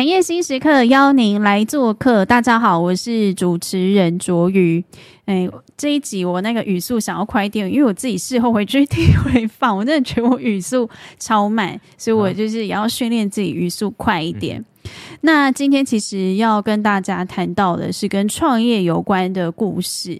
產業心時刻邀您來做客，大家好，我是主持人卓瑜。哎、欸，這一集我那個語速想要快一點，因為我自己事後會追，聽回放，我真的覺得我語速超慢，所以我就是也要訓練自己語速快一點、嗯。那今天其實要跟大家談到的是跟創業有關的故事。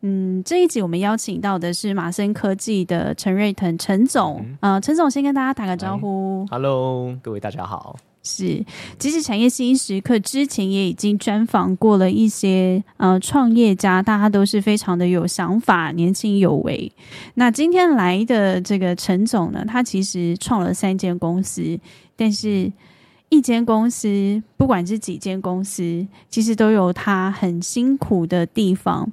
嗯，這一集我們邀請到的是馬森科技的陳瑞騰陳總、嗯。呃，陳總先跟大家打個招呼，Hello，各位大家好。是，其實產業心時刻之前也已經專訪過了一些呃創業家，大家都是非常的有想法、年輕有為。那今天來的這個陳總呢，他其實創了三間公司，但是一間公司，不管是幾間公司，其實都有他很辛苦的地方。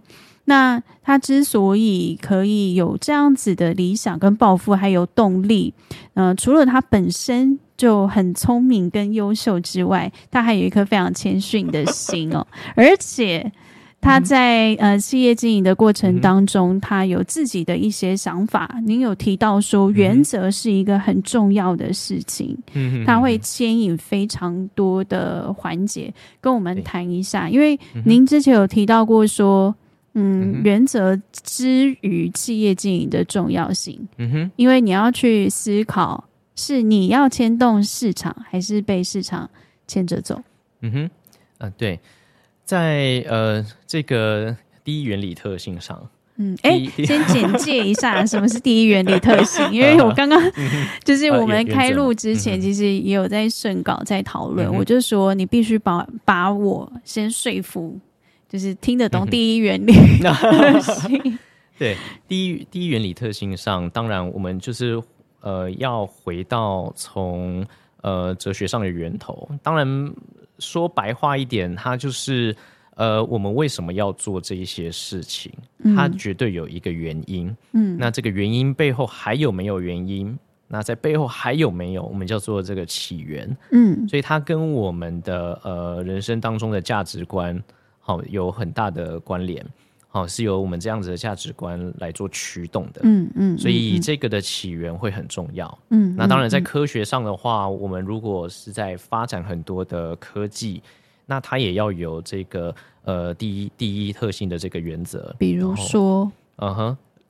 那他之所以可以有這樣子的理想跟抱負，還有動力，嗯、呃，除了他本身。就很聰明跟優秀之外，他還有一顆非常謙遜的心哦。 而且他在、嗯、呃企業經營的過程當中，他有自己的一些想法。嗯、您有提到說，原則是一個很重要的事情，嗯哼，他會牽引非常多的環節、嗯、跟我們談一下。因為您之前有提到過說嗯，嗯，原則之於企業經營的重要性，嗯哼，因為你要去思考。是你要牽動市場，還是被市場牽着走？嗯哼，啊、呃、對，在呃這個第一原理特性上，嗯，哎、欸，先簡介一下 什麼是第一原理特性，因為我剛剛、嗯、就是我們開錄之前、呃，其實也有在順稿在討論。嗯、我就說你必須把把我先說服，就是聽得懂第一原理特、嗯、 對，第一第一原理特性上，當然我們就是。呃，要回到從呃哲學上的源頭，當然說白話一點，它就是呃，我們為什麼要做這一些事情？它絕對有一個原因。嗯，那這個原因背後還有沒有原因？嗯、那在背後還有沒有我們叫做這個起源？嗯，所以它跟我們的呃人生當中的價值觀好、哦、有很大的關聯。好、哦，是由我們這樣子的價值觀來做驅動的。嗯嗯，嗯，所以這個的起源會很重要。嗯，那當然，在科學上的話、嗯嗯，我們如果是在發展很多的科技，嗯、那它也要有這個呃第一第一特性的這個原則。比如說，嗯哼、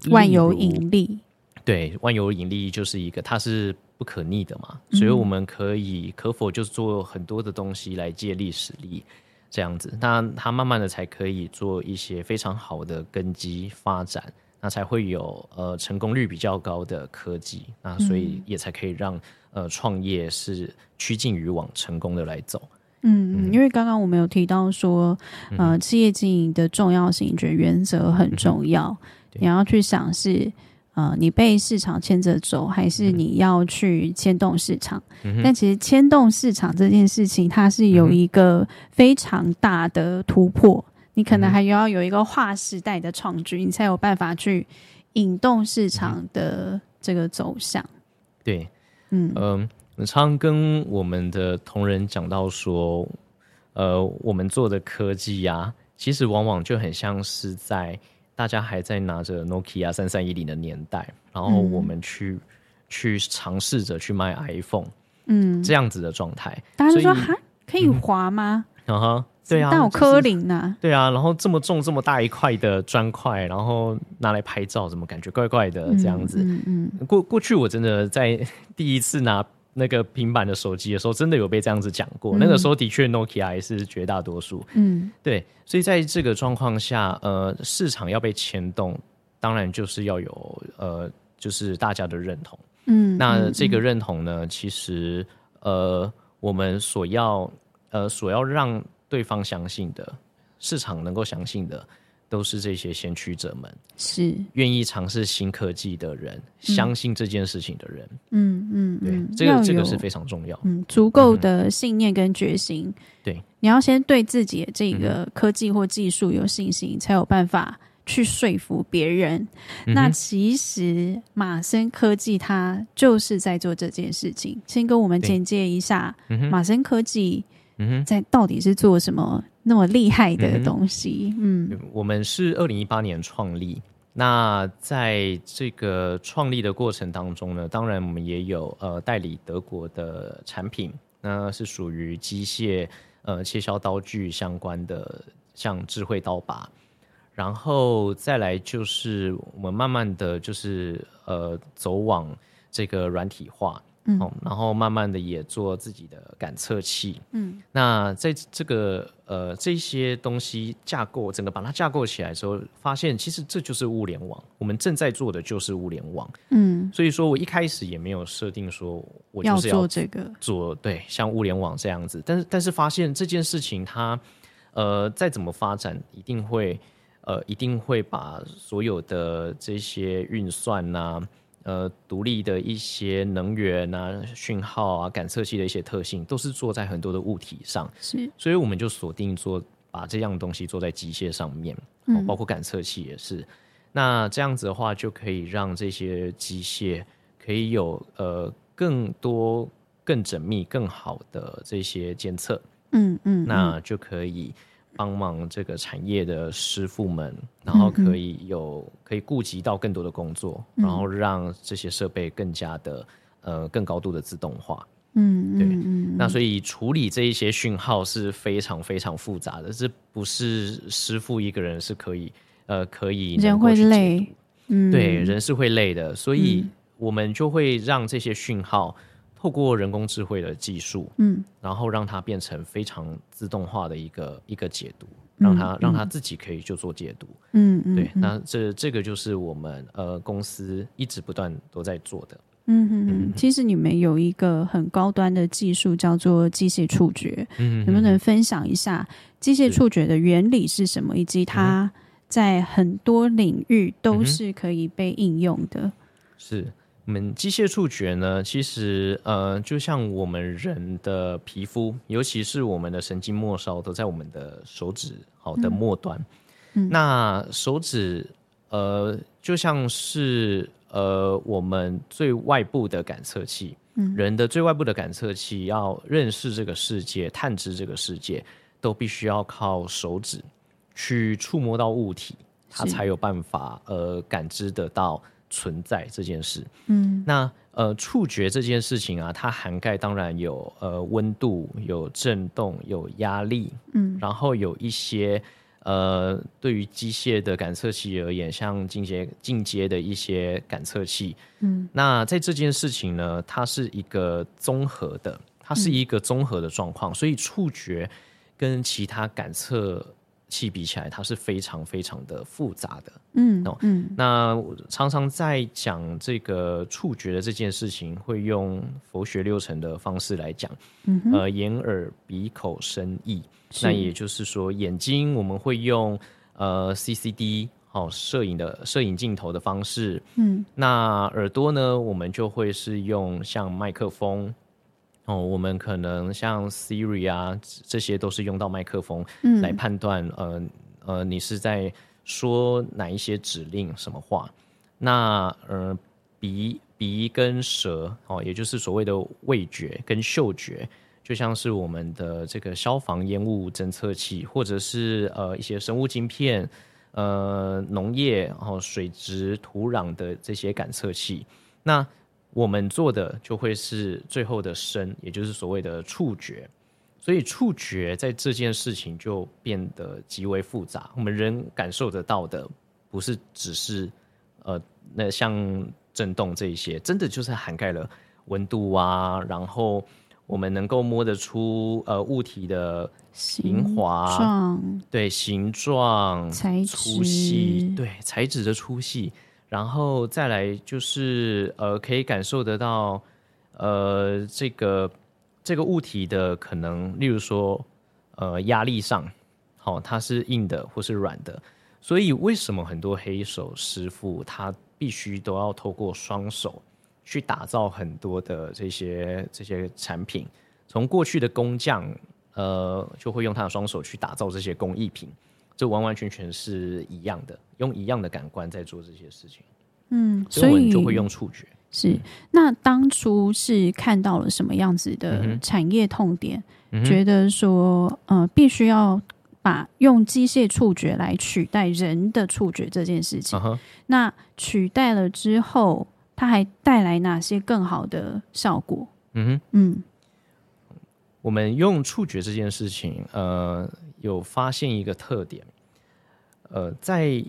呃，萬有引力。對，萬有引力就是一個，它是不可逆的嘛，所以我們可以、嗯、可否就是做很多的東西來借力使力。這樣子，那它慢慢的才可以做一些非常好的根基發展，那才會有呃成功率比較高的科技，那所以也才可以讓、嗯、呃創業是趨近於往成功的來走。嗯，因為剛剛我們有提到說，嗯、呃，企業經營的重要性，覺得原則很重要、嗯，你要去想是。呃，你被市場牽着走，還是你要去牽動市場，嗯？但其實牽動市場這件事情，它是有一個非常大的突破，嗯、你可能還要有一個劃時代的創舉，嗯，你才有辦法去引動市場的這個走向。對，嗯嗯，呃、我常常跟我們的同仁講到說，呃，我們做的科技啊，其實往往就很像是在。大家還在拿着 Nokia 三三一零的年代，然後我們去、嗯、去嘗試着去賣 iPhone，嗯，這樣子的狀態，大家就說哈，可以滑嗎？然、嗯、後、uh-huh, 對啊，但有磕棱呢，對啊，然後這麼重這麼大一塊的磚塊，然後拿來拍照，怎麼感覺怪怪的？這樣子，嗯，過、嗯嗯、過去我真的在第一次拿。那個平板的手機的時候，真的有被這樣子講過。嗯、那個時候的確，Nokia 也是絕大多數。嗯，對，所以在這個狀況下，呃，市場要被牽動，當然就是要有呃，就是大家的認同。嗯，那這個認同呢，嗯、其實呃，我們所要呃，所要讓對方相信的，市場能夠相信的。都是這些先驅者們，是願意嘗試新科技的人、嗯，相信這件事情的人。嗯嗯，對，這個這個是非常重要。嗯，足夠的信念跟決心。對、嗯，你要先對自己的這個科技或技術有信心、嗯，才有辦法去說服別人、嗯。那其實馬森科技它就是在做這件事情。先跟我們簡介一下、嗯、馬森科技。嗯哼，在到底是做什麼那麼厲害的東西？嗯，嗯，我們是二零一八年創立。那在這個創立的過程當中呢，當然我們也有呃代理德國的產品，那是屬於機械呃切削刀具相關的，像智慧刀把。然後再來就是我們慢慢的就是呃走往這個軟體化。嗯，然後慢慢的也做自己的感測器。嗯，那在這個呃這些東西架構，整個把它架構起來的時候，發現其實這就是物聯網。我們正在做的就是物聯網。嗯，所以說我一開始也沒有設定說我就是要，要做這個做對，像物聯網這樣子。但是但是發現這件事情它呃再怎麼發展，一定會呃一定會把所有的這些運算吶，啊。呃，獨立的一些能源啊、訊號啊、感測器的一些特性，都是做在很多的物體上。是，所以我們就鎖定做把這樣東西做在機械上面，哦、包括感測器也是、嗯。那這樣子的話，就可以讓這些機械可以有呃更多、更縝密、更好的這些監測。嗯嗯，嗯，那就可以。幫忙這個產業的師傅們，然後可以有嗯嗯可以顧及到更多的工作，嗯，然後讓這些設備更加的呃更高度的自動化。嗯，嗯，嗯，嗯，對，那所以處理這一些訊號是非常非常複雜的，這不是師傅一個人是可以呃可以，人會累，嗯，對，人是會累的，所以我們就會讓這些訊號。透過人工智慧的技術，嗯，然後讓它變成非常自動化的一個一個解讀，嗯、讓它讓它自己可以就做解讀，嗯嗯，對，嗯、那這、嗯、這個就是我們呃公司一直不斷都在做的，嗯嗯嗯。其實你們有一個很高端的技術叫做機械觸覺，嗯哼哼，能不能分享一下機械觸覺的原理是什麼，以及它在很多領域都是可以被應用的？嗯、是。我們機械觸覺呢，其實呃，就像我們人的皮膚，尤其是我們的神經末梢，都在我們的手指好的末端。嗯，那手指呃，就像是呃，我們最外部的感測器。嗯，人的最外部的感測器，要認識這個世界，探知這個世界，都必須要靠手指去觸摸到物體，它才有辦法呃感知得到。存在這件事，嗯，那呃，觸覺這件事情啊，它涵蓋當然有呃溫度、有震動、有壓力，嗯，然後有一些呃，對於機械的感測器而言，像進階進階的一些感測器，嗯，那在這件事情呢，它是一個綜合的，它是一個綜合的狀況，嗯，所以觸覺跟其他感測器比起來，它是非常非常的複雜的。嗯、oh, 嗯，那常常在講這個觸覺的這件事情，會用佛學六成的方式來講。嗯、呃，眼耳鼻口身意，那也就是說，眼睛我們會用呃 C C D、哦、攝影的攝影鏡頭的方式。嗯，那耳朵呢，我們就會是用像麥克風。哦，我們可能像 Siri 啊，這些都是用到麥克風來判斷，嗯，呃呃，你是在說哪一些指令、什麼話。那呃，鼻鼻跟舌哦，也就是所謂的味覺跟嗅覺，就像是我們的這個消防煙霧偵測器，或者是呃一些生物晶片，呃農業、然後、哦、水質、土壤的這些感測器。那我們做的就會是最後的聲，也就是所謂的觸覺，所以觸覺在這件事情就變得極為複雜。我們人感受得到的，不是只是，呃，那像震動這一些，真的就是涵蓋了溫度啊，然後我們能夠摸得出，呃，物體的平滑，對形狀、材質、粗細，對材質的粗細。然後再來就是，呃，可以感受得到，呃，這個這個物體的可能，例如說，呃，壓力上，好，它是硬的或是軟的。所以為什麼很多黑手師傅他必須都要透過雙手去打造很多的這些這些產品？從過去的工匠，呃，就會用他的雙手去打造這些工藝品。這完完全全是一樣的，用一樣的感官在做這些事情。嗯，所以，所以你就會用觸覺。是、嗯，那當初是看到了什麼樣子的產業痛點？嗯、覺得說，呃，必須要把用機械觸覺來取代人的觸覺這件事情、嗯。那取代了之後，它還帶來哪些更好的效果？嗯哼嗯，我們用觸覺這件事情，呃。有發現一個特點，呃，在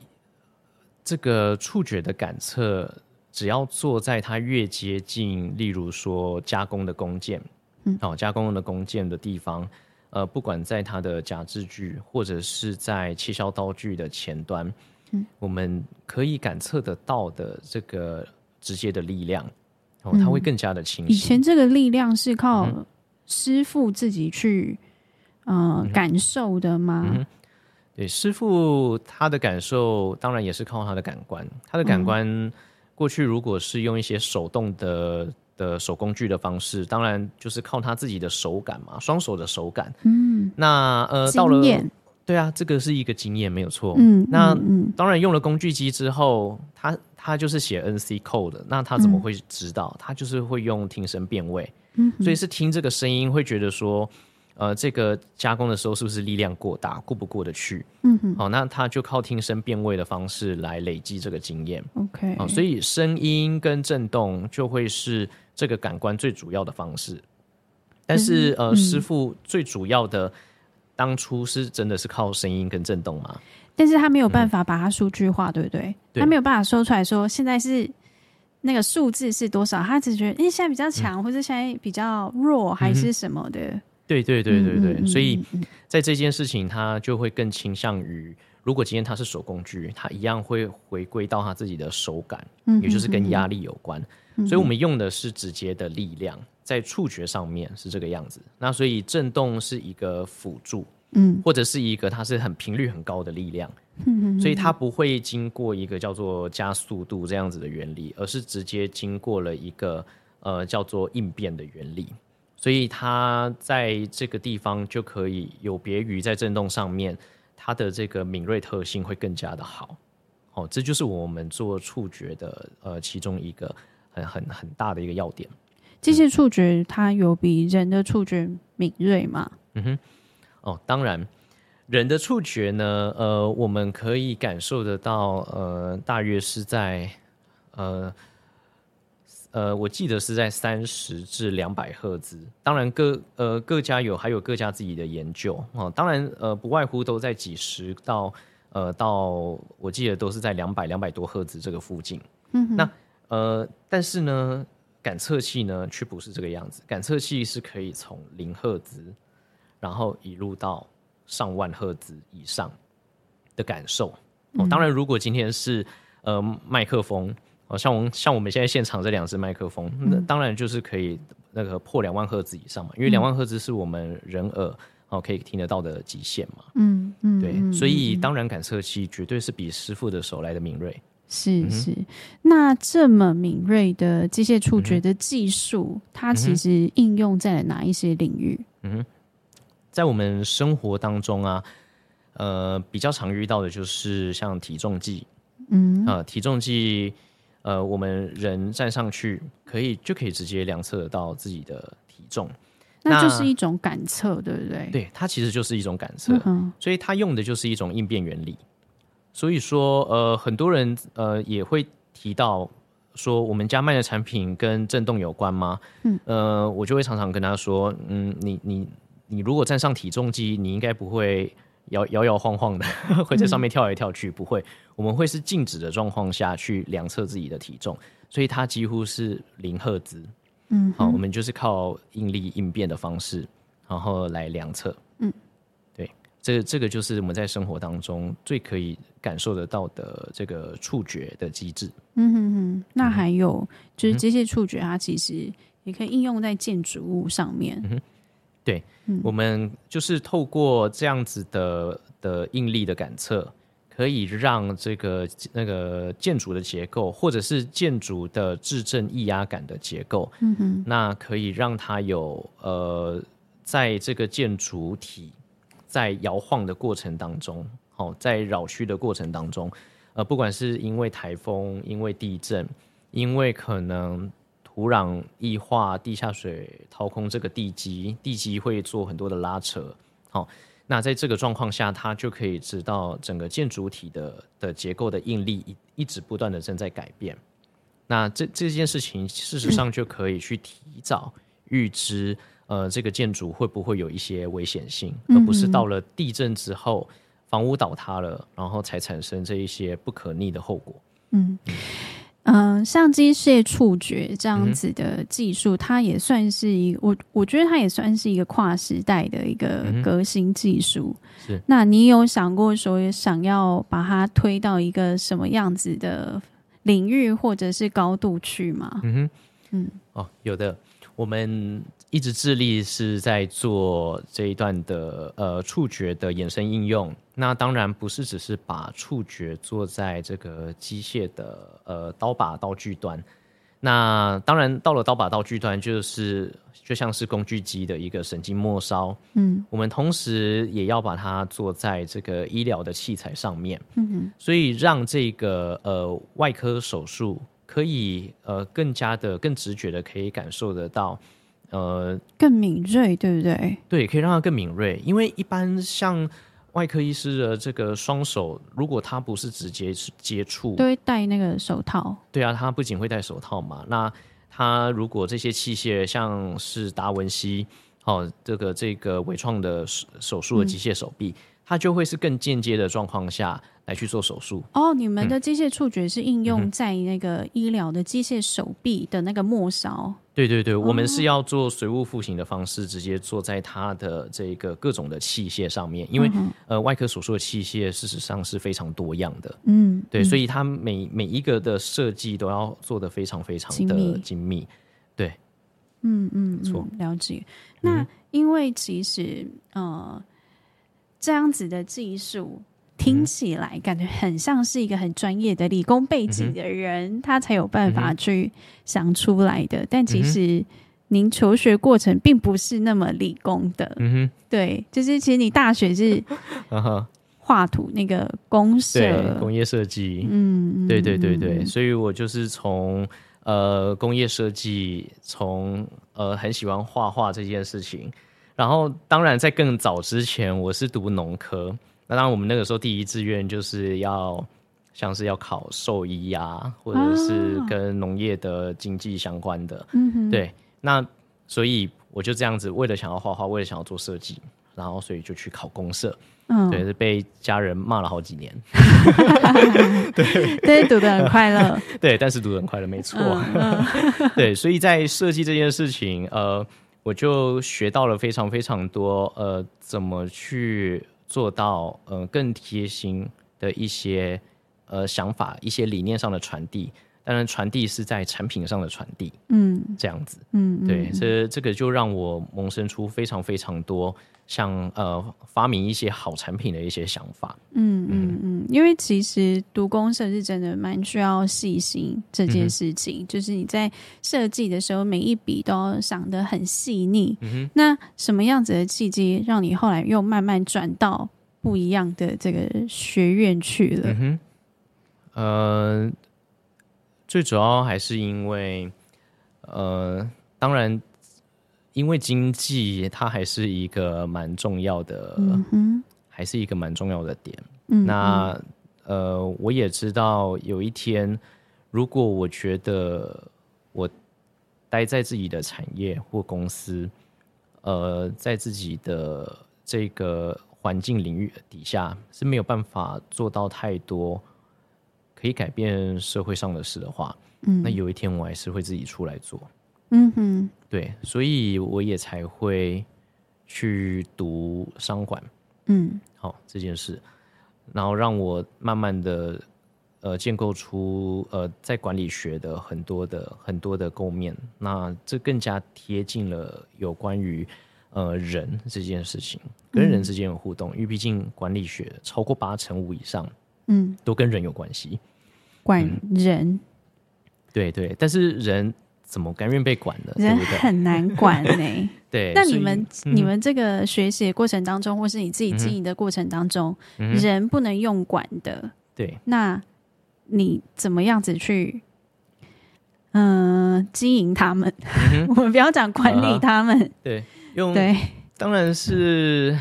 這個觸覺的感測，只要坐在它越接近，例如說加工的工件，嗯，哦，加工的工件的地方，呃，不管在它的夾治具，或者是在切削刀具的前端，嗯，我們可以感測得到的這個直接的力量，哦，它會更加的清晰。以前這個力量是靠師傅自己去、嗯。呃、嗯，感受的嗎？嗯、對，師傅他的感受當然也是靠他的感官，他的感官、嗯、過去如果是用一些手動的的手工具的方式，當然就是靠他自己的手感嘛，雙手的手感。嗯，那呃經驗，到了對啊，這個是一個經驗，沒有錯。嗯，那當然用了工具機之後，他他就是寫 N C code，那他怎麼會知道？嗯、他就是會用聽聲辨位、嗯，所以是聽這個聲音會覺得說。呃，這個加工的時候是不是力量過大，過不過得去？嗯哼。好，呃，那他就靠聽聲辨位的方式來累積這個經驗。OK。好，呃，所以聲音跟震動就會是這個感官最主要的方式。但是，嗯、呃、嗯，師傅最主要的當初是真的是靠聲音跟震動嗎？但是他沒有辦法把它數據化，嗯，對不對？他沒有辦法說出來說現在是那個數字是多少，他只覺得，哎、欸，現在比較強，嗯，或者現在比較弱，還是什麼的。嗯對對對對對、嗯，所以在這件事情，他就會更傾向於，如果今天它是手工具，它一樣會回歸到他自己的手感，也就是跟壓力有關、嗯嗯。所以我們用的是直接的力量，在觸覺上面是這個樣子。那所以震動是一個輔助，嗯，或者是一個它是很頻率很高的力量、嗯，所以它不會經過一個叫做加速度這樣子的原理，而是直接經過了一個呃叫做應變的原理。所以它在這個地方就可以有別於在振動上面，它的這個敏銳特性會更加的好，哦，這就是我們做觸覺的呃其中一個很很很大的一個要點。機械觸覺它有比人的觸覺敏銳嗎？嗯哼，哦，當然，人的觸覺呢，呃，我們可以感受得到，呃，大約是在呃。呃，我記得是在三十至兩百赫茲。當然各，各呃各家有，還有各家自己的研究啊、哦。當然，呃不外乎都在幾十到呃到，我記得都是在兩百兩百多赫茲這個附近。嗯哼。那呃，但是呢，感測器呢卻不是這個樣子。感測器是可以從零赫茲，然後一路到上萬赫茲以上的感受。嗯、哦，當然，如果今天是呃麥克風。哦，像我們像我們現在現場這兩隻麥克風，那、嗯、當然就是可以那個破兩萬赫茲以上嘛，因為兩萬赫茲是我們人耳、嗯、哦可以聽得到的極限嘛。嗯嗯，對嗯，所以當然，感測器絕對是比師傅的手來的敏銳。是是、嗯，那這麼敏銳的機械觸覺的技術、嗯，它其實應用在哪一些領域？嗯，在我們生活當中啊，呃，比較常遇到的就是像體重計，嗯啊、呃，體重計。呃，我們人站上去可以，就可以直接量測到自己的體重，那就是一種感測，對不對？對，它其實就是一種感測，嗯，所以它用的就是一種應變原理。所以說，呃，很多人呃也會提到說，我們家賣的產品跟震動有關嗎？嗯，呃，我就會常常跟他說，嗯，你你你如果站上體重機，你應該不會。搖搖搖晃晃的，會在上面跳來跳去？嗯，不會。我們會是靜止的狀況下去量測自己的體重，所以它幾乎是零赫茲。嗯，好，我們就是靠應力應變的方式，然後來量測。嗯，對，這這個就是我們在生活當中最可以感受得到的這個觸覺的機制。嗯哼哼，那還有、嗯、就是機械觸覺，它其實也可以應用在建築物上面。嗯對、嗯，我們就是透過這樣子的的應力的感測，可以讓這個那個建築的結構，或者是建築的制震易壓感的結構，嗯，那可以讓它有呃，在這個建築體在搖晃的過程當中，哦，在撓曲的過程當中，呃，不管是因為颱風、因為地震、因為可能。土壤液化、地下水掏空，這個地基地基會做很多的拉扯。好、哦，那在這個狀況下，它就可以知道整個建築體的的結構的應力一一直不斷的正在改變。那這這件事情，事實上就可以去提早預知、嗯、呃，這個建築會不會有一些危險性，而不是到了地震之後房屋倒塌了，然後才產生這一些不可逆的後果。嗯。嗯嗯、呃，像機械觸覺這樣子的技術，嗯、它也算是一我，我覺得它也算是一個跨時代的一個革新技術、嗯。是，那你有想過說想要把它推到一個什麼樣子的領域或者是高度去嗎？嗯哼，嗯，哦，有的，我們。一直致力是在做這一段的呃觸覺的延伸應用。那當然不是只是把觸覺做在這個機械的呃刀把刀具端。那當然到了刀把刀具端，就是就像是工具機的一個神經末梢。嗯，我們同時也要把它做在這個醫療的器材上面。嗯嗯，所以讓這個呃外科手術可以呃更加的更直覺的可以感受得到。呃，更敏銳，對不對？對，可以讓它更敏銳。因為一般像外科醫師的這個雙手，如果他不是直接接觸，都會戴那個手套。對啊，他不僅會戴手套嘛。那他如果這些器械，像是達文西哦，這個這個微創的手術的機械手臂。嗯它就會是更間接的狀況下來去做手術哦、oh, 嗯。你們的機械觸覺是應用在那個醫療的機械手臂的那個末梢，對對對、嗯，我們是要做隨物復形的方式，直接做在它的這個各種的器械上面，因為、嗯、呃，外科手術的器械事實上是非常多樣的。嗯，對，所以它每每一個的設計都要做得非常非常的精密。精密，對，嗯嗯，嗯，錯，了解。那因為其實、嗯、呃。這樣子的技術聽起來感覺很像是一個很專業的理工背景的人、嗯，他才有辦法去想出來的、嗯。但其實您求學過程並不是那麼理工的，嗯哼，對，就是其實你大學是畫圖那個工設、嗯，工業設計，嗯，對對對對，所以我就是從呃工業設計，從呃很喜歡畫畫這件事情。然後，當然，在更早之前，我是讀農科。那當然，我們那個時候第一志願就是要像是要考獸醫啊，或者是跟農業的經濟相關的。啊、嗯，對。那所以我就這樣子，為了想要畫畫，為了想要做設計，然後所以就去考公社。嗯，對，是被家人罵了好幾年。 對，但 是讀的很快樂。對，但是讀的很快樂沒錯。嗯嗯、 對，所以在設計這件事情，呃。我就學到了非常非常多，呃，怎麼去做到，呃，更貼心的一些，呃，想法、一些理念上的傳遞。當然，傳遞是在產品上的傳遞，嗯，這樣子，嗯，嗯，對，這這個就讓我萌生出非常非常多，像呃，發明一些好產品的一些想法，嗯嗯嗯，嗯，因為其實讀工設是真的蠻需要細心這件事情，嗯、就是你在設計的時候，每一筆都要想得很細膩，嗯。那什麼樣子的契機，讓你後來又慢慢轉到不一樣的這個學院去了？嗯哼，呃。最主要還是因為，呃，當然，因為經濟它還是一個蠻重要的，嗯，還是一個蠻重要的點。嗯，那呃，我也知道有一天，如果我覺得我待在自己的產業或公司，呃，在自己的這個環境領域底下是沒有辦法做到太多。可以改變社會上的事的話，嗯，那有一天我還是會自己出來做，嗯哼，對，所以我也才會去讀商管，嗯，好這件事，然後讓我慢慢的呃建構出呃在管理學的很多的很多的構面，那這更加貼近了有關於呃人這件事情，跟人之間有互動，因為畢竟管理學超過八成五以上。嗯，都跟人有關係，管人，嗯。對對，但是人怎麼甘願被管呢？對對，人很難管呢，欸。 對，那你們、嗯、你們這個學習的過程當中，嗯，或是你自己經營的過程當中，嗯，人不能用管的。對、嗯，那你怎麼樣子去，嗯、呃，經營他們？嗯、 我們不要講管理他們。呃、對，用對，當然是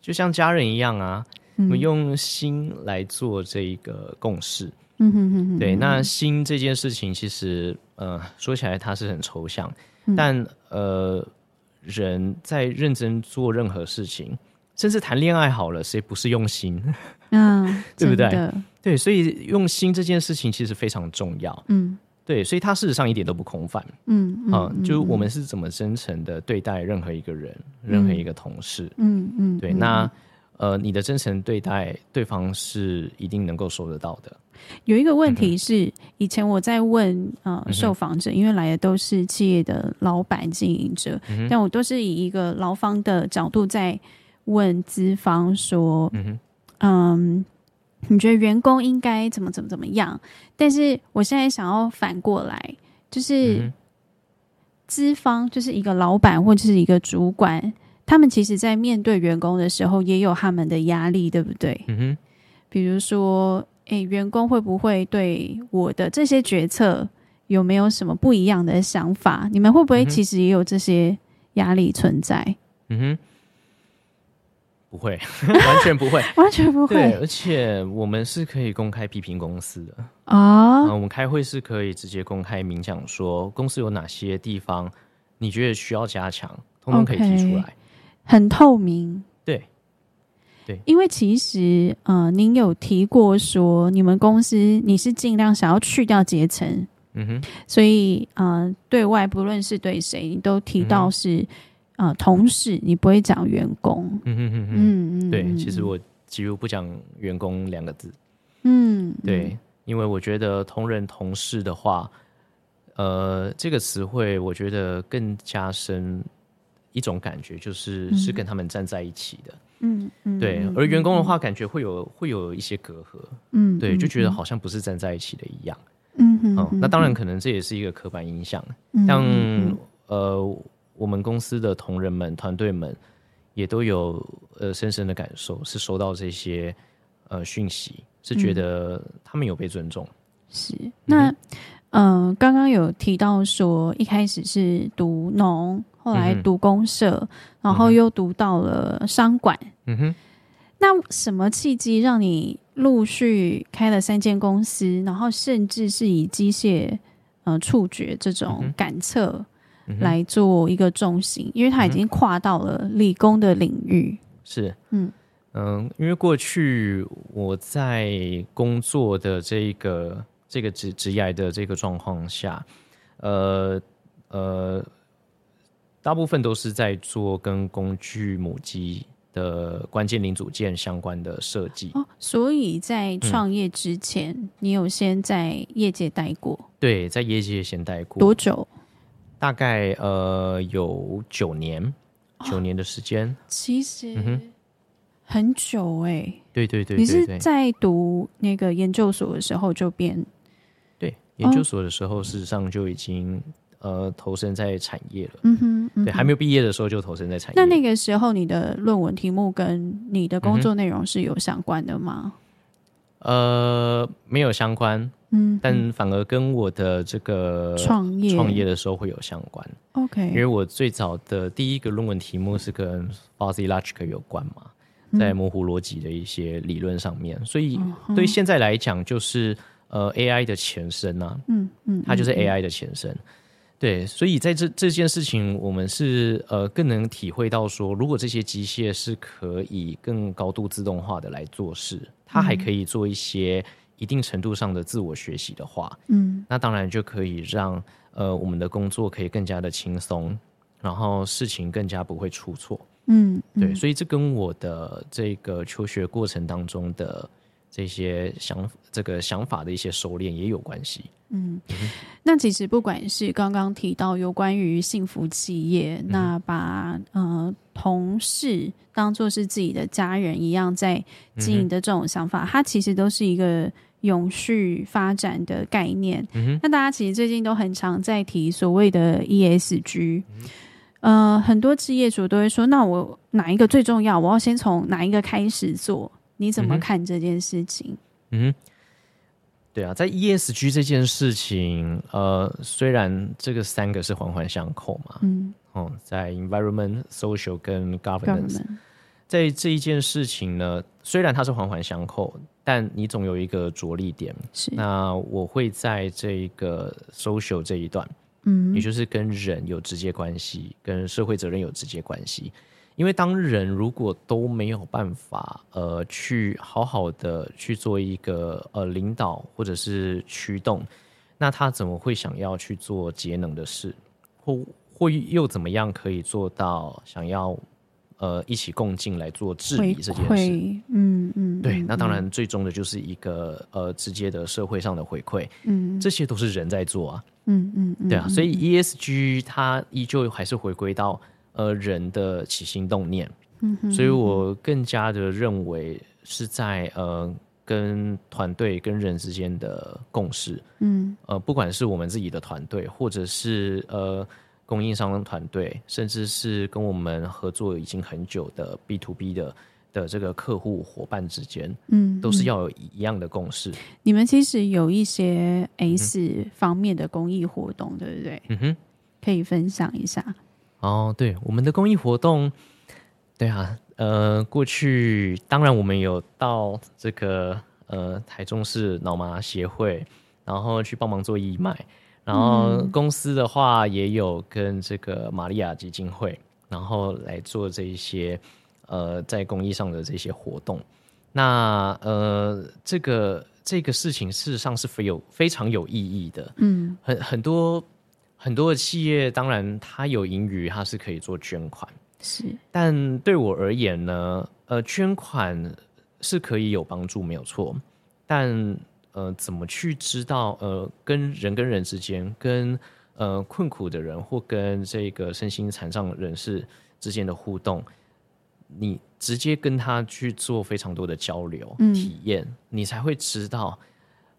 就像家人一樣啊。我、嗯、們用心來做這一個共事，嗯嗯對。那心這件事情其實，呃，說起來它是很抽象，嗯、但呃，人在認真做任何事情，甚至談戀愛好了，誰不是用心？嗯， 對不對？對，所以用心這件事情其實非常重要。嗯，對，所以它事實上一點都不空泛。嗯嗯，啊嗯，就我們是怎麼真誠的對待任何一個人、嗯，任何一個同事。嗯嗯，對，嗯、那。呃，你的真誠對待對方是一定能夠收得到的。有一個問題是，嗯、以前我在問呃受訪者、嗯，因為來的都是企業的老板經營者、嗯，但我都是以一個勞方的角度在問資方說嗯，嗯，你覺得員工應該怎麼怎麼怎麼樣？但是我現在想要反過來，就是資方就是一個老板或者是一個主管。他們其實，在面對員工的時候，也有他們的壓力，對不對？嗯哼。比如說，哎、欸，員工會不會對我的這些決策有沒有什麼不一樣的想法？你們會不會其實也有這些壓力存在嗯？嗯哼。不會，完全不會， 完全不會。對，而且我們是可以公開批評公司的啊。我們開會是可以直接公開明講，說公司有哪些地方你覺得需要加強，通通可以提出來。Okay. 很透明，對，對，因為其實呃，您有提過說你們公司你是盡量想要去掉階層，嗯哼，所以呃，對外不論是對誰，你都提到是啊、嗯呃，同事，你不會講員工，嗯哼哼哼嗯，嗯，嗯對，其實我幾乎不講員工兩個字，嗯，嗯，對，因為我覺得同仁同事的話，呃，這個詞彙我覺得更加深。一種感覺就是是跟他們站在一起的，嗯，對。而員工的話，感覺會有、嗯、會有一些隔閡，嗯，對，就覺得好像不是站在一起的一樣，嗯哼嗯。那當然，可能這也是一個刻板印象。像、嗯、呃，我們公司的同仁們、團隊們也都有呃深深的感受，是收到這些呃訊息，是覺得他們有被尊重。嗯、是那嗯，剛、呃、剛有提到說，一開始是讀農。後來讀公社、嗯，然後又讀到了商管，嗯。那什麼契機讓你陸續開了三間公司，然後甚至是以機械呃觸覺這種感測來做一個重心、嗯嗯？因為它已經跨到了理工的領域。是，嗯嗯、呃，因為過去我在工作的這一個這個職職業的這個狀況下，呃呃。大部分都是在做跟工具母機的關鍵零組件相關的設計、哦、所以在創業之前、嗯，你有先在業界待過？對，在業界先待過多久？大概呃有九年，九年的時間、哦。其實很久哎、欸。對對對，你是在讀那個研究所的時候就變？對，研究所的時候事實上就已經。呃，投身在產業了。嗯哼，嗯哼對，還沒有畢業的時候就投身在產業。那那個時候你的論文題目跟你的工作內容是有相關的嗎、嗯？呃，沒有相關。嗯，但反而跟我的這個創業創業的時候會有相關。OK，因為我最早的第一個論文題目是跟 Fuzzy Logic 有關嘛，嗯、在模糊邏輯的一些理論上面。所以對現在來講，就是呃 AI 的前身啊。嗯嗯，它就是 AI 的前身。嗯對，所以在這這件事情，我們是呃更能體會到說，如果這些機械是可以更高度自動化的來做事，它還可以做一些一定程度上的自我學習的話，嗯，那當然就可以讓呃我們的工作可以更加的輕鬆，然後事情更加不會出錯。嗯，嗯，對，所以這跟我的這個求學過程當中的。這些想這個想法的一些收斂也有關係。嗯，那其實不管是剛剛提到有關於幸福企業，嗯、那把呃同事當做是自己的家人一樣在經營的這種想法、嗯，它其實都是一個永續發展的概念。嗯哼，那大家其實最近都很常在提所謂的 ESG、嗯。呃，很多企業主都會說，那我哪一個最重要？我要先從哪一個開始做？你怎麼看這件事情？嗯，對啊，在 ESG 這件事情，呃，雖然這個三個是環環相扣嘛，嗯，哦、嗯，在 environment、social 跟 governance，在這一件事情呢，雖然它是環環相扣，但你總有一個着力點。是，那我會在這個 social 這一段，嗯，也就是跟人有直接關係，跟社會責任有直接關係。因為當人如果都沒有辦法呃去好好的去做一個呃領導或者是驅動，那他怎麼會想要去做節能的事？或會又怎麼樣可以做到想要呃一起共進來做治理這件事？嗯嗯，嗯，對，那當然最終的就是一個、嗯、呃直接的社會上的回饋，嗯，這些都是人在做啊，嗯嗯，嗯，對啊，所以 ESG 他依舊還是回歸到。呃，人的起心動念，嗯哼，嗯哼，所以我更加的認為是在呃，跟團隊跟人之間的共識，嗯，呃，不管是我們自己的團隊，或者是呃供應商團隊，甚至是跟我們合作已經很久的 B to B 的的這個客戶夥伴之間，嗯，嗯，都是要有一樣的共識。你們其實有一些 a S 方面的公益活動，嗯，對不對？嗯哼，可以分享一下？哦，對，我們的公益活動，對啊，呃，過去當然我們有到這個呃台中市腦麻協會，然後去幫忙做義賣，然後公司的話也有跟這個瑪利亞基金會，然後來做這一些呃在公益上的這些活動。那呃，這個這個事情事實上是非有非常有意義的，嗯，很很多。很多的企業當然它有盈餘，它是可以做捐款，是。但對我而言呢，呃，捐款是可以有幫助，沒有錯。但呃，怎麼去知道呃，跟人跟人之間，跟呃困苦的人或跟這個身心殘障人士之間的互動，你直接跟他去做非常多的交流、嗯、體驗，你才會知道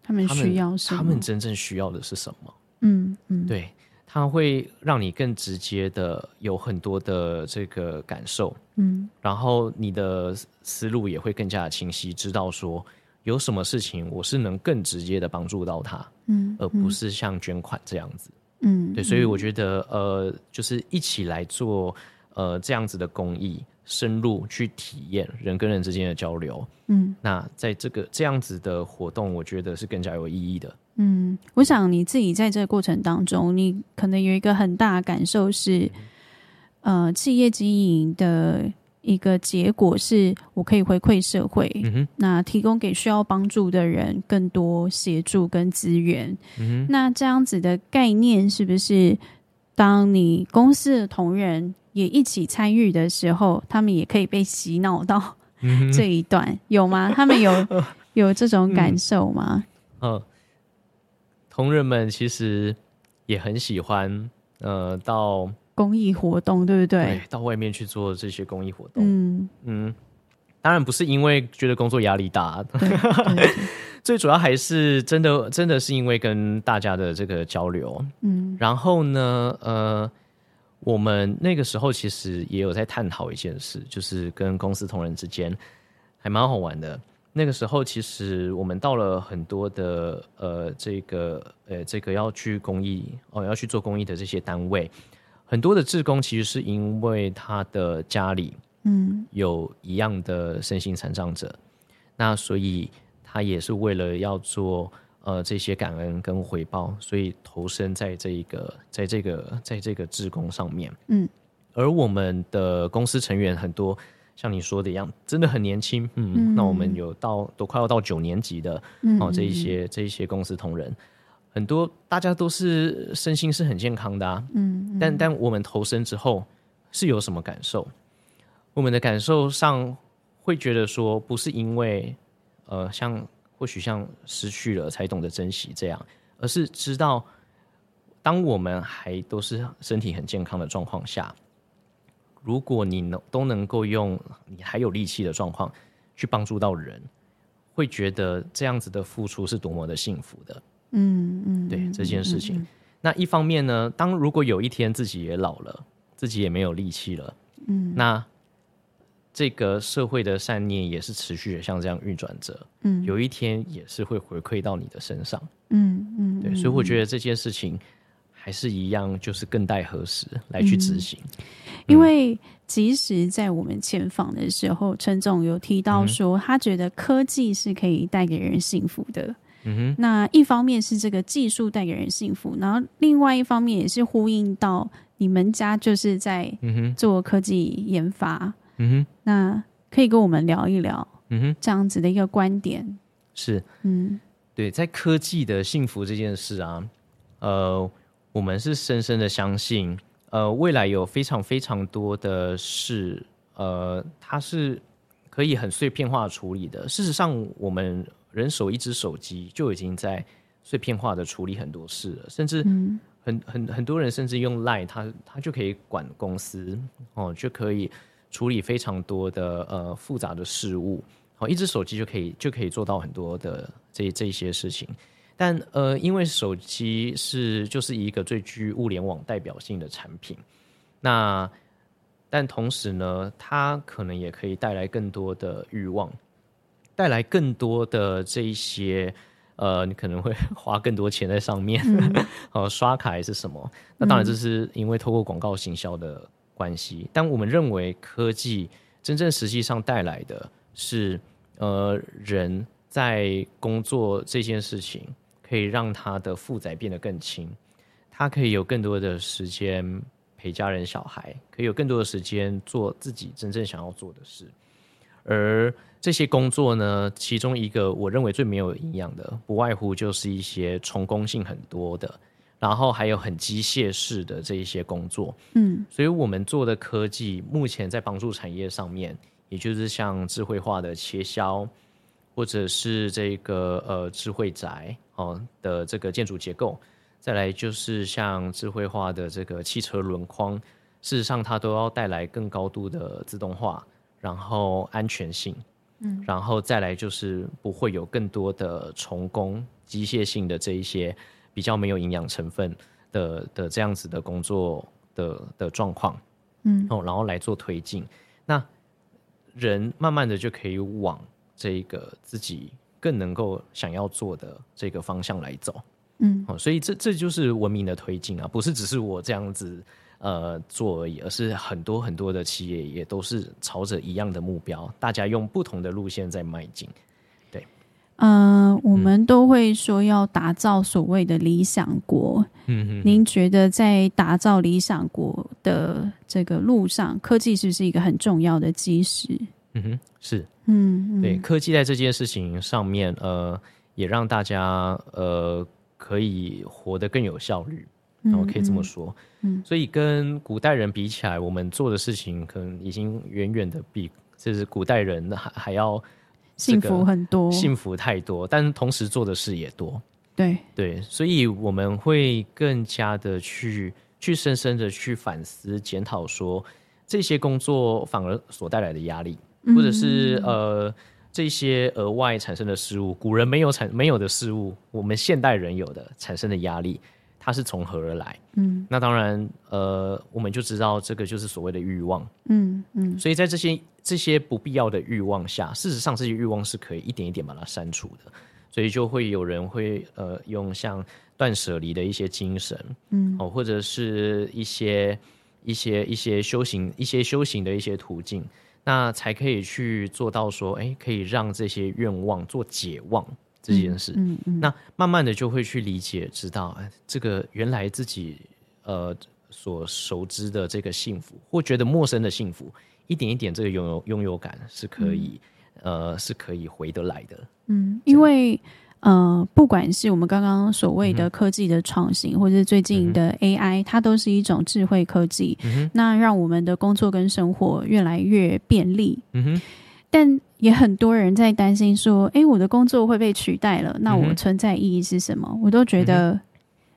他們，他們需要什麼，他們真正需要的是什麼。嗯嗯，對。它會讓你更直接的有很多的這個感受，嗯，然後你的思路也會更加的清晰，知道說有什麼事情我是能更直接的幫助到他，嗯，嗯，而不是像捐款這樣子，嗯，對，所以我覺得，嗯，呃，就是一起來做呃這樣子的公益，深入去體驗人跟人之間的交流，嗯，那在這個這樣子的活動，我覺得是更加有意義的。嗯，我想你自己在這個過程當中，你可能有一個很大的感受是、嗯，呃，企業經營的一個結果是我可以回饋社會、嗯，那提供給需要幫助的人更多協助跟資源。嗯、那這樣子的概念是不是當你公司的同仁也一起參與的時候，他們也可以被洗腦到、嗯、這一段有嗎？他們有 有這種感受嗎？嗯。哦。同仁們其實也很喜歡，呃，到公益活動，對不對？到外面去做這些公益活動，嗯嗯，當然不是因為覺得工作壓力大， 最主要還是真的真的是因為跟大家的這個交流，嗯。然後呢，呃，我們那個時候其實也有在探討一件事，就是跟公司同仁之間還蠻好玩的。那個時候，其實我們到了很多的呃，這個呃，這個要去公益哦，要去做公益的這些單位，很多的志工其實是因為他的家裡嗯有一樣的身心殘障者，嗯，那所以他也是為了要做呃這些感恩跟回報，所以投身在這一個在這個在這個志工上面嗯，而我們的公司成員很多。像你說的一樣，真的很年輕。嗯，嗯，那我們有到都快要到九年級的哦、嗯啊，這一些這一些公司同仁，很多大家都是身心是很健康的啊。嗯，但但我們投身之後是有什麼感受？我們的感受上會覺得說，不是因為呃，像或許像失去了才懂得珍惜這樣，而是知道當我們還都是身體很健康的狀況下。如果你能都能夠用你還有力氣的狀況去幫助到人，會覺得這樣子的付出是多麼的幸福的。嗯嗯，對，這件事情。嗯嗯嗯。那一方面呢，當如果有一天自己也老了，自己也沒有力氣了，嗯，那這個社會的善念也是持續的像這樣運轉着。嗯，有一天也是會回饋到你的身上。嗯嗯，嗯，對，所以我覺得這件事情。還是一樣，就是更待何時來去執行。嗯嗯。因為即使在我們前訪的時候，陳總有提到說，嗯，他覺得科技是可以帶給人幸福的。嗯哼，那一方面是這個技術帶給人幸福，然後另外一方面也是呼應到你們家就是在嗯哼做科技研發。嗯哼，那可以跟我們聊一聊嗯哼這樣子的一個觀點。嗯。是，嗯，對，在科技的幸福這件事啊，呃。我們是深深的相信，呃，未來有非常非常多的事，呃，它是可以很碎片化的處理的。事實上，我們人手一只手機就已經在碎片化的處理很多事了。甚至很，很很很多人甚至用 Line，他，他就可以管公司，哦，就可以處理非常多的呃複雜的事物。哦，一只手機就可以就可以做到很多的這這一些事情。但呃，因為手機是就是一個最具物聯網代表性的產品，那但同時呢，它可能也可以帶來更多的欲望，帶來更多的這一些呃，你可能會花更多錢在上面，呃、嗯嗯，刷卡還是什麼？那當然，這是因為透過廣告行銷的關係、嗯。但我們認為科技真正實際上帶來的是呃，人在工作這件事情。可以讓他的負載變得更輕，他可以有更多的時間陪家人、小孩，可以有更多的時間做自己真正想要做的事。而這些工作呢，其中一個我認為最沒有營養的，不外乎就是一些重複性很多的，然後還有很機械式的這一些工作。嗯，所以我們做的科技目前在幫助產業上面，也就是像智慧化的切削，或者是這個呃智慧宅。哦的這個建築結構，再來就是像智慧化的這個汽車輪框，事實上它都要帶來更高度的自動化，然後安全性，嗯，然後再來就是不會有更多的重工機械性的這一些比較沒有營養成分的的這樣子的工作的的狀況，嗯，哦，然後來做推進，那人慢慢的就可以往這個自己，更能夠想要做的這個方向來走，嗯，哦、嗯，所以這這就是文明的推進啊，不是只是我這樣子呃做而已，而是很多很多的企業也都是朝着一樣的目標，大家用不同的路線在邁進。對，嗯、呃，我們都會說要打造所謂的理想國，嗯哼，您覺得在打造理想國的這個路上，科技是不是一個很重要的基石？嗯哼，是。嗯，嗯，對，科技在這件事情上面，呃，也讓大家呃可以活得更有效率，我可以這麼說，嗯。嗯，所以跟古代人比起來，我們做的事情可能已經遠遠的比就是古代人還還要、這個、幸福很多，幸福太多，但同時做的事也多。對對，所以我們會更加的去去深深的去反思檢討，說這些工作反而所帶來的壓力。或者是呃這些額外產生的事物，古人沒有產沒有的事物，我們現代人有的產生的壓力，它是從何而來？嗯，那當然呃我們就知道這個就是所謂的欲望，嗯嗯，所以在這些這些不必要的欲望下，事實上這些欲望是可以一點一點把它刪除的，所以就會有人會呃用像斷捨離的一些精神，嗯哦，或者是一些一些一些修行一些修行的一些途徑。那才可以去做到說，哎、欸，可以讓這些願望做解忘這件事。嗯嗯，嗯，那慢慢的就會去理解，知道、欸、這個原來自己呃所熟知的這個幸福，或覺得陌生的幸福，一點一點這個擁有擁有感是可以、嗯，呃，是可以回得來的。嗯，因為。呃，不管是我們剛剛所謂的科技的創新、嗯，或者是最近的 AI、嗯、它都是一種智慧科技、嗯，那讓我們的工作跟生活越來越便利。嗯哼，但也很多人在擔心說，哎、欸，我的工作會被取代了，那我存在意義是什麼？嗯、我都覺得、嗯，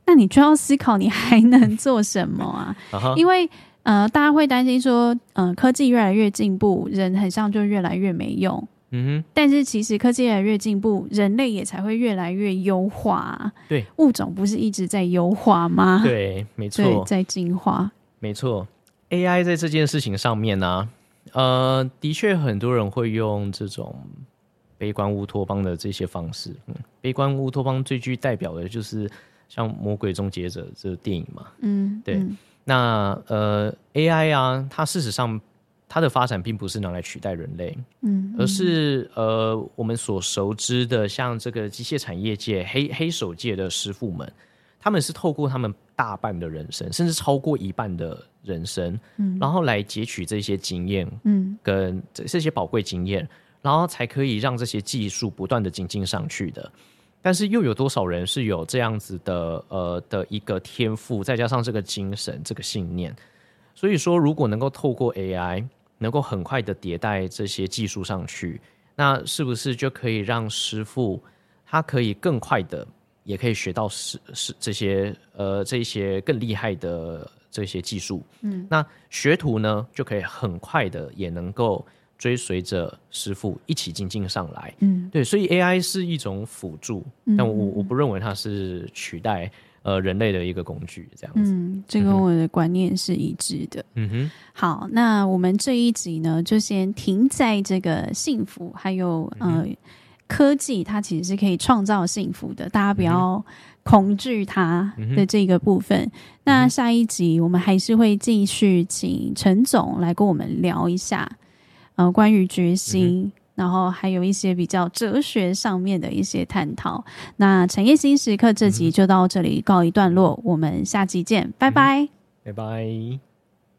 那你就要思考你還能做什麼啊？ 因為呃，大家會擔心說，嗯、呃，科技越來越進步，人好像就越來越沒用。嗯哼，但是其實科技越來越進步，人類也才會越來越優化。對，物種不是一直在優化嗎？對，沒錯，在進化。沒錯，AI 在這件事情上面呢，啊，呃，的確很多人會用這種悲觀烏托邦的這些方式。嗯，悲觀烏托邦最具代表的就是像《魔鬼終結者》這個電影嘛。嗯，對。嗯，那呃，AI 啊，它事實上。它的發展並不是拿來取代人類，嗯，而是、嗯、呃，我們所熟知的像這個機械產業界、黑黑手界的師傅們，他們是透過他們大半的人生，甚至超過一半的人生，嗯，然後來截取這些經驗，嗯，跟這這些寶貴經驗、嗯，然後才可以讓這些技術不斷的精進上去的。但是又有多少人是有這樣子的呃的一個天賦，再加上這個精神、這個信念？所以說，如果能夠透過 AI，能夠很快的迭代這些技術上去，那是不是就可以讓師傅他可以更快的，也可以學到師這些呃這些更厲害的這些技術？嗯，那學徒呢就可以很快的也能夠追隨着師傅一起進進上來。嗯，對，所以 AI 是一種輔助，但我我不認為它是取代。呃，人類的一個工具這樣子，嗯，這跟、個、我的觀念是一致的。嗯哼，好，那我們這一集呢，就先停在這個幸福，還有呃、嗯，科技它其實是可以創造幸福的、嗯，大家不要恐懼它的這個部分、嗯。那下一集我們還是會繼續請陳總來跟我們聊一下，呃，關於決心。嗯然後還有一些比較哲學上面的一些探討。那《產業心時刻》這集就到這裡告一段落，嗯、我們下期見、嗯，拜拜，拜拜。